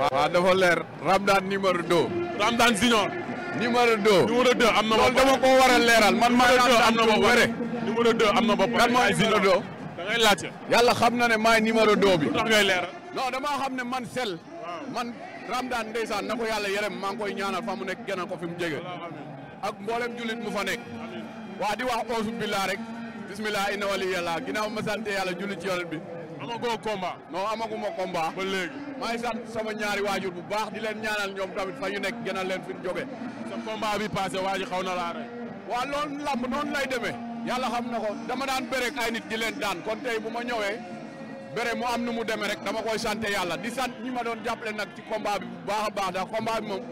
waaw dafa leer Ramdan numéro 2. Ramdan Junior. numéro 2. am na boppam loolu ko war a leeral man maa Ramdan am na boppam kan mooy numéro 2. da ngay laajte. yàlla xam na ne maay numéro 2 bi. ndax ngay leeral. non damaa xam ne man sel. man Ramdan ndeysaan na ko yàlla yërëm maa ngi koy ñaanal fa mu nekk gënal ko fi mu jege. ak mboolem jullit mu fa nekk. waa di wax auzu billah rek. bismillah inna wali yàlla ginnaaw ma sant yàlla julli ci yoon bi. amagoo combat. non amaguma maa ngi sant sama ñaari waajur bu baax di leen ñaanal ñoom tamit fa ñu nekk gënal leen fi ñu jógee. sa combat bi passé waa ji xaw na laa rey. waaw loolu làmb noonu lay demee. yàlla xam na ko dama daan bëre ak ay nit di leen daan kon tey bu ma ñëwee bëre mu am nu mu demee rek dama koy sante yàlla di sant ñi ma doon jàppale nag ci combat bi bu baax a baax ndax combat bi moom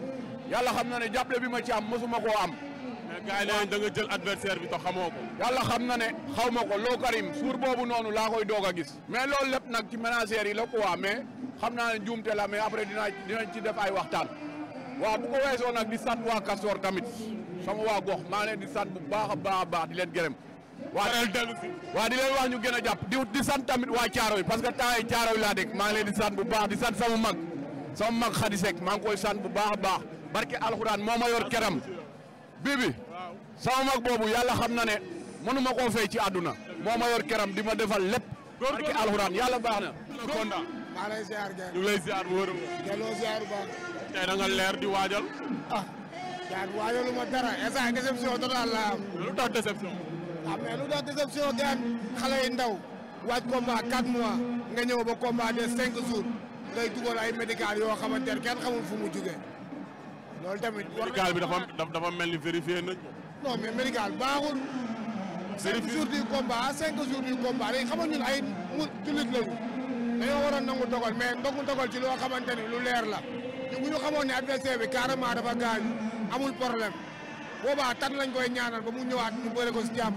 yàlla xam na ne jàppale bi ma ci am mosuma koo am mais eh, da nga jël adversaire bi te xamoo ko. yàlla xam na ne xaw ma ko loo Karim suur boobu noonu laa koy doog a gis. mais loolu lépp nag ci ménagères yi la ko quoi mais xam naa ne juumte la mais après dina dinañ ci def ay waxtaan. waaw bu ko weesoo nag di sant waa Kastoor tamit sama waa gox maa leen di sant bu baax a baax a baax di leen gërëm. waa waaw di leen wax ñu gën a jàpp di san sant tamit waa Caaro yi parce que temps yi Caaro yi laa dégg maa ngi leen di sant bu baax di sant sama mag bu baax a baax barke alxuraan moo ma yor keram bibi sama mag boobu yàlla xam na ne mënu ma koo fay ci àdduna moo ma yor keram di ma defal lépp barki alxuraan yàlla baax na konda maa lay ziar ñu lay ziar bu wër delloo ziar bu baax tey da nga leer di waajal ah yaa dara instant déception total la am lu tax déception ah xale yi ndaw waaj combat 4 mois nga ñëw ba combat des 5 jours ngay dugal ay médical yoo xamante ne kenn xamul fu mu jugee loolu tamit. médical bi dafa dafa mel ni vérifié nañ non mais médical baaxul. cinq jours du combat cinq jours du combat léegi xamoon ñun ay mu jullit lañu dañoo waroon nangu dogal mais ndogu dogal ci loo xamante ni lu leer la ñu bu ñu xamoon ne adversaire bi carrément dafa gaañu amul problème boobaa tan lañ koy ñaanal ba mu ñëwaat ñu bëre ko si jàmm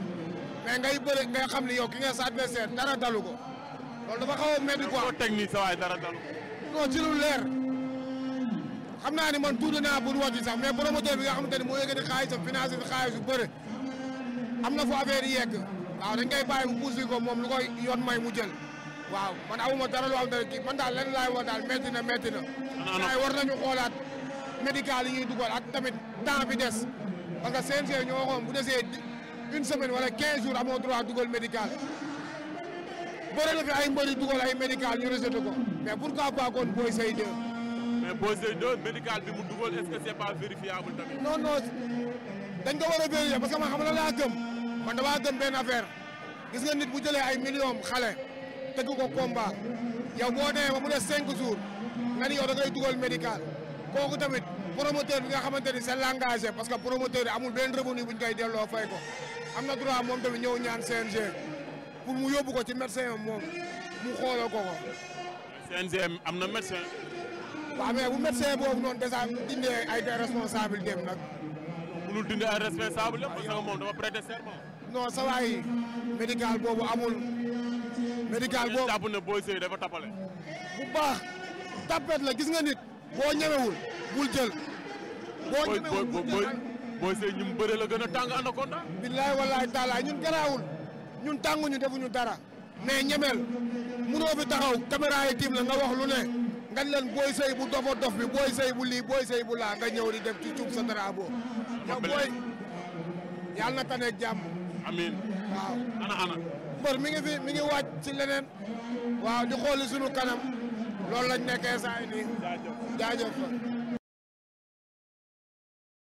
mais ngay bëre ngay xam ni yow ki nga sa adversaire dara dalu ko loolu dafa xaw a métti quoi. technique sa waay dara dalu ko. xam naa ne man tuuti naa pour wax sax mais promoteur bi nga xamante ne moo yëkkati xaalisam financé fi xaalis am na fu affaire yi yegg waaw dañ koy bàyyi mu pousse ko moom lu koy yoon may mu jël waaw man amuma dara lu am dara kii man daal lenn laay wax daal métti na métti na. waaye war nañu xoolaat médical yi ñuy dugal ak tamit temps bi des parce que CNG ñoo waxoon bu desee une semaine wala 15 jours amoo droit dugal médical. bëri na fi ay mbëri dugal ay médical mais pourquoi pas kon mais Boy Seye 2 médical bi mu dugal est que c'est pas vérifiable tamit. dañ ko war a vérifier parce que man xam nga laa gëm man damaa gëm benn affaire gis nga nit bu jëlee ay millions xale tegu ko combat yow boo demee ba mu des cinq jours nga ni yow da ngay dugal médical kooku tamit promoteur bi nga xamante ni c'est l'engagé parce que promoteur bi amul benn revenu bu ñu koy delloo fay ko am na droit moom tamit ñëw ñaan CNG pour mu yóbbu ko ci médecin moom mu xooloo ko ko. CNG na médecin. waaw mais bu médecin boobu noonu dèjà dindee ay ay responsable dem nag. mënul dindee ay responsable yëpp parce que moom dafa prêter serment. non sa waay médical boobu amul. médical boobu jàpp na booy sëy dafa tapale. bu baax tapet la gis nga nit boo ñemewul bul jël. boo ñemewul bul jël booy sëy ñu bëre la gën a tàng anaconda. billaay wallaay taalaay ñun garaawul ñun tànguñu defuñu dara. mais ñemeel munoo fi taxaw caméra yi tiim la nga wax lu ne. nga leen booy sëy bu dofa dof bi booy sëy bu lii booy sëy bu laa nga ñëw sa drapeau. ñoom na taneeg jàmm. amiin waaw. ana ana. mi ngi fi mi ngi wàcc ci leneen. waaw di xooli sunu kanam. loolu lañ nekkee saa yi nii.